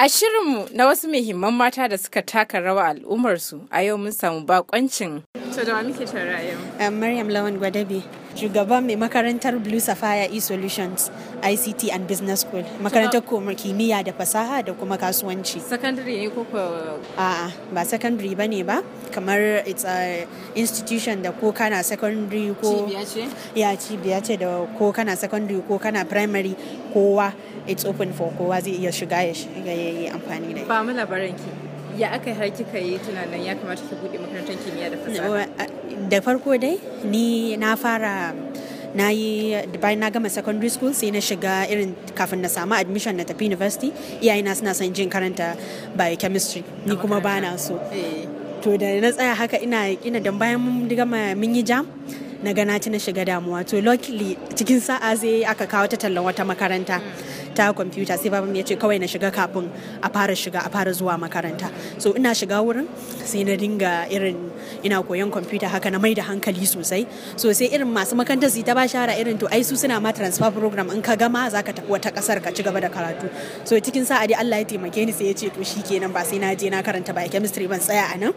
A shirinmu na wasu muhimman mata da suka taka rawa al'ummarsu a yau mun samu bakoncin To da muke tare yau? Um, Maryam Lawan Gwadabe, shugaban mai makarantar Blue Sapphire E-Solutions ICT and Business School, makarantar kuma kimiyya da fasaha da kuma kasuwanci. Secondary ne ko A'a, ba secondary ba ne ba, kamar it's a institution da ko kana secondary ko... Cibiya ce? Ya cibiya ce da ko kana secondary ko kana primary kowa it's open for kowa zai iya shiga ya shiga ya yi amfani da Ba mu labarin ki. ya aka har kika yi tunanin ya kamata ki bude makarantar kimiyya da fasaha da farko dai ni na fara na yi bayan na gama secondary school sai na shiga irin kafin na samu admission na tafi university iyayena suna son jin karanta biochemistry ni kuma ba na so eh. to da na tsaya haka ina ina dan bayan mun gama mun yi jam na gana na shiga damuwa to luckily cikin sa'a sai aka kawo ta tallan wata makaranta mm. ta kwamfuta sai baban ya ce kawai na shiga kafin a fara shiga a fara zuwa makaranta so ina shiga wurin sai na dinga irin ina koyon kwamfuta haka na mai da hankali sosai so sai irin masu makarantar su ta ba shara irin to ai su suna ma transfer program in ka gama za ka tafi wata kasar ka ci gaba da karatu so cikin sa'a dai Allah ya taimake ni sai ya ce to shikenan ba sai na je na karanta ba chemistry ban tsaya a nan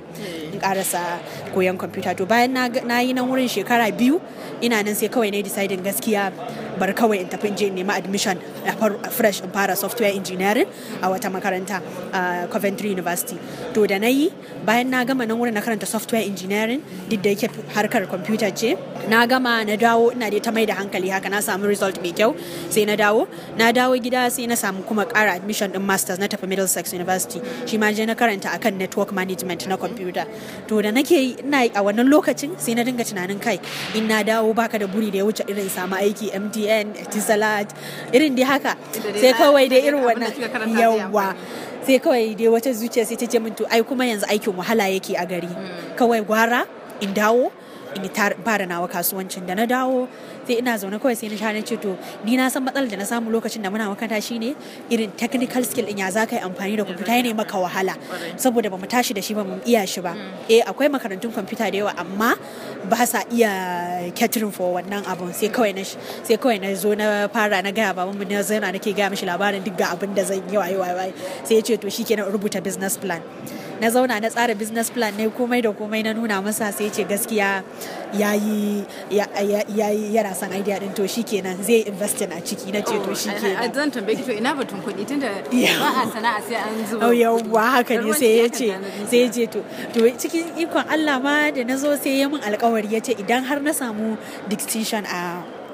karasa koyon kwamfuta to bayan na yi nan wurin shekara biyu ina nan sai kawai na yi decidin gaskiya bar kawai in tafi je nema admission a fresh in fara software engineering a wata makaranta a Coventry University to da na yi bayan na gama nan wurin na karanta software engineering duk da yake harkar kwamfuta ce na gama na dawo ina dai ta mai da hankali haka na samu result mai kyau sai na dawo na dawo gida sai na samu kuma kara admission din masters na tafi Middlesex University shi ma je na karanta akan network management na kwamfuta to da nake yi ina a wannan lokacin sai na dinga tunanin kai in na dawo baka da buri da ya wuce irin samu aiki MTN Etisalat irin dai haka sai kawai dai irin wannan yawa sai kawai dai wata zuciya sai ta ce min to ai kuma yanzu aikin wahala yake a gari hmm. kawai gwara in dawo in fara nawa kasuwancin da na dawo sai ina zaune kawai sai na sha na ce to ni na san matsalar da na samu lokacin da muna makanta shine irin technical skill din ya za ka yi amfani da kwamfuta yana maka wahala saboda ba mu tashi da shi ba mu iya shi ba mm. eh akwai makarantun kwamfuta da yawa amma ba sa iya catering for wannan abun sai kawai na sai kawai na zo na fara na gaya baban mu na zauna nake gaya mishi labarin duk ga abin da zan yi waye waye sai ya ce to shikenan rubuta business plan na zauna na tsara business plan ne komai da komai na nuna masa sai ce gaskiya ya yi yana son idea din to shi kenan zai investin a ciki na ce to oh, shi a zan tambaye ki to ina batun kuɗi tunda ba a sana'a sai an zo oh yawwa haka ne sai ya ce sai je to to cikin ikon Allah ma da na zo sai ya min alƙawari ya ce idan har na samu distinction a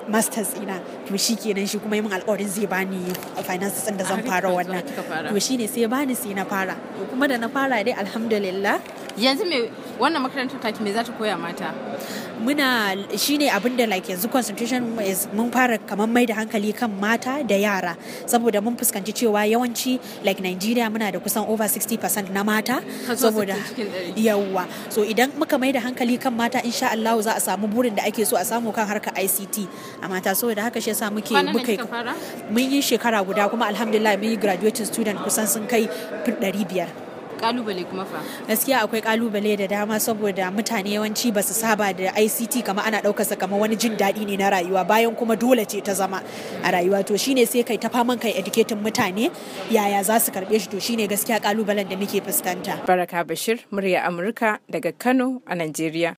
masters ina to shi kenan shi kuma yi min alƙawarin zai bani finance din da zan fara wannan to shine sai bani sai na fara to kuma da na fara dai alhamdulillah yanzu me wannan makarantar taki me za ta koya mata muna shine abin da like yanzu concentration is mun fara kamar mai da hankali kan mata da yara saboda mun fuskanci cewa yawanci like Nigeria muna da kusan over 60% na mata saboda yawa so idan muka mai da hankali kan mata insha Allah za a samu burin da ake so a samu kan harkar ICT a mata saboda haka shi yasa muke muke mun yi shekara guda kuma alhamdulillah mun yi graduating student kusan sun kai 500 kalubale kuma fa gaskiya akwai kalubale da dama saboda mutane yawanci ba su saba da ICT kama ana ɗaukarsa kama wani jin daɗi ne na rayuwa bayan kuma dole ce ta zama a rayuwa to shine sai kai ta faman kai educating mutane yaya za su karɓe shi to shine gaskiya kalubalen da muke fuskanta baraka bashir murya amurka daga kano a nigeria.